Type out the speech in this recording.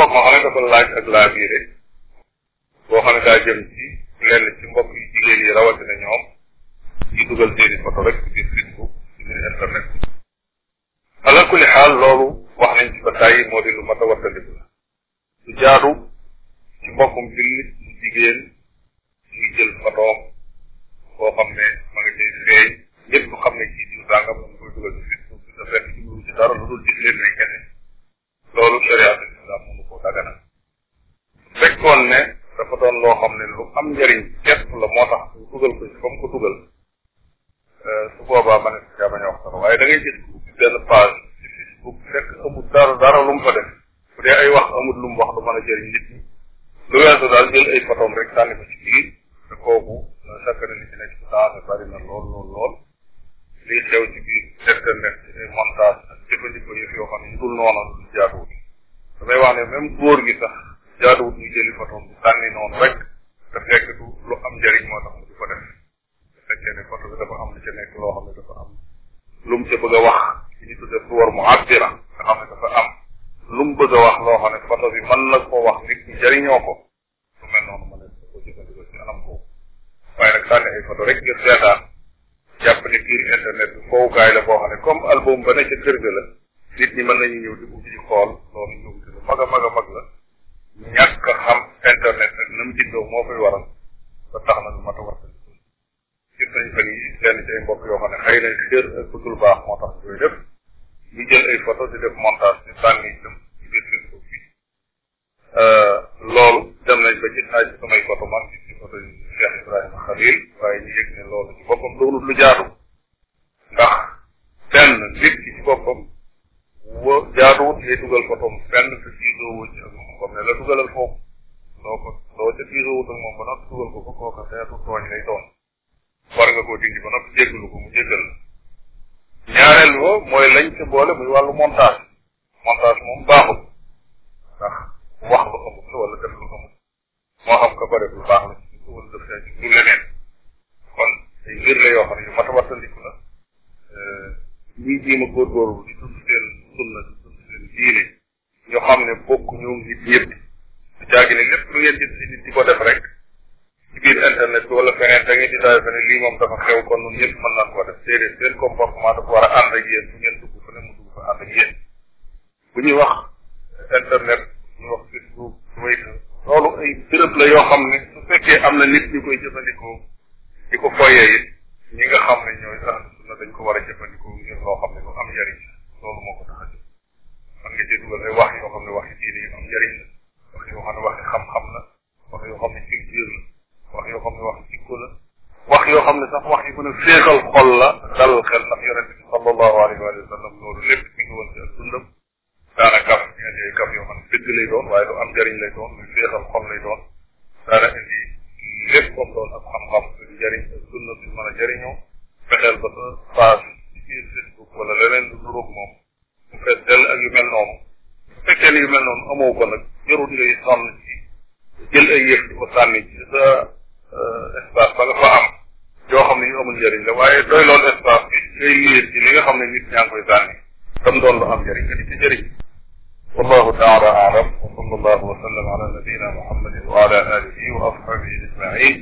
mbokk moo xam ne dafa laaj ak laa biire boo xam ne daa jëm ci lenn ci mbokk yi jigéen yi rawatina ñoom ci dugal seeni photo rek ci internet ala kulli xaal loolu wax nañ ci ba tàyyi moo lu mat a wattandiku la su jaadu ci mbokkum jullit mu jigéen ñuy jël photoom loo xam ne lu am njëriñ gest la moo tax dugal ko ci fa mu ko dugal euh, su boobaa ma si caa bañ a waxtaan waaye da ngay gis benn page Facebook fekk amul dara dara lu mu fa def bu dee ay wax amul lu mu wax a jëriñ nit ñi lu weesu daal jël ay photom rek sànni ko ci biir te kooku chaque nit ci nekk ci ne bari na lool lool lool lii xew ci biir internet ci ay montage ak jëfandikoo yëf yoo xam ne dul noonu du jaaduwul damay wax ne même góor gi sax bëgg a i li ñu tudde suwar mu àbbira nga xam ne dafa am lu mu bëgg wax loo xam ne photo bi mën na wax nit ñi jëriñoo ko su mel noonu ma ne ko jëfandikoo ci anam boobu waaye nag sànni ay photo rek ngir seetaan jàpp ne internet bi fowukaay la boo xam ne album ba ne kër ga nit ñi mën ñëw di ubbi di xool loolu ñu ubbi lu mag a mag a mag la ñàkk a xam internet nag na mu jindoo moo koy waral ba tax na lu mat a war a gis nañ yi lenn ci ay mbokk yoo xam xëy na xër ak bëggul baax moo tax yooyu def ñu jël ay photo di def montage di sànni jëm ci biir Facebook bi euh, loolu nañ ba ci xaaj samay photo man gis ci photo yi waaye ñu yëg ne loolu ci boppam doonul lu jaadu ndax benn nit ki ci boppam wa jaaduwut ngay dugal photom fenn te diisoowoo ci ak moom comme ne la dugalal foofu doo ko doo ca diisoowut ak moom ba nag dugal ko ko kooka seetu tooñ lay doon war nga ba noppi jéggalu ko mu jéggal la ñaareel ba mooy lañ ci boole muy wàllu montage montage moom baaxul ndax wax lu xamul la wala def xam ko bëri lu baax la ci wala def na ci lu leneen kon ay mbir la yoo xam ne yu mat a wattandiku la euh, ñuy ne bokk ñoo ngi ne lépp lu ngeen gis si nit di ko def rek internet bi wala feneen da ngeen di daay feneen lii moom dafa xew kon ñun ñëpp mën nañ ko def déedéet seen comportement dafa war a ànd ak yéen bu ngeen dugg fa fa ànd ak bu ñuy wax internet ñu wax Facebook loolu ay béréb la yoo xam ne su fekkee am na nit ñu koy jëfandikoo di ko foyee it ñi nga xam ne ñooy sax sunna dañ ko war a jëfandikoo ngir loo xam ne lu am njariñ loolu moo ko tax a jóg wax yoo xam ne wax sax wax yi mën a féexal xol la dalal xel ndax yonente bi sallallahu alayhi wa sallam mi ngi woon ci ak dundam daanaka waaye lu am njëriñ lay doon lu féexal xol lay doon daana indi lépp comme doon ak xam-xam suñu njëriñ ak dundam a jëriñoo fexeel ba Facebook wala leneen lu nuróog moom bu fees dell ak yu mel noonu bu fekkee ne yu mel noonu amoo ko nag jarul ngay sonn ci jël ay yëf di ko sànni euh, fa am amul njëriñ la waaye doy loolu espace bi ngay liir ci li nga xam ne nit ñaa ngi koy sànni tam doon lu am njëriñ nga di ci njëriñ wallahu taala aalam wa sallallahu wa sallam ala nabiyina muhammadin wa ala alihi wa ashabihi ajmain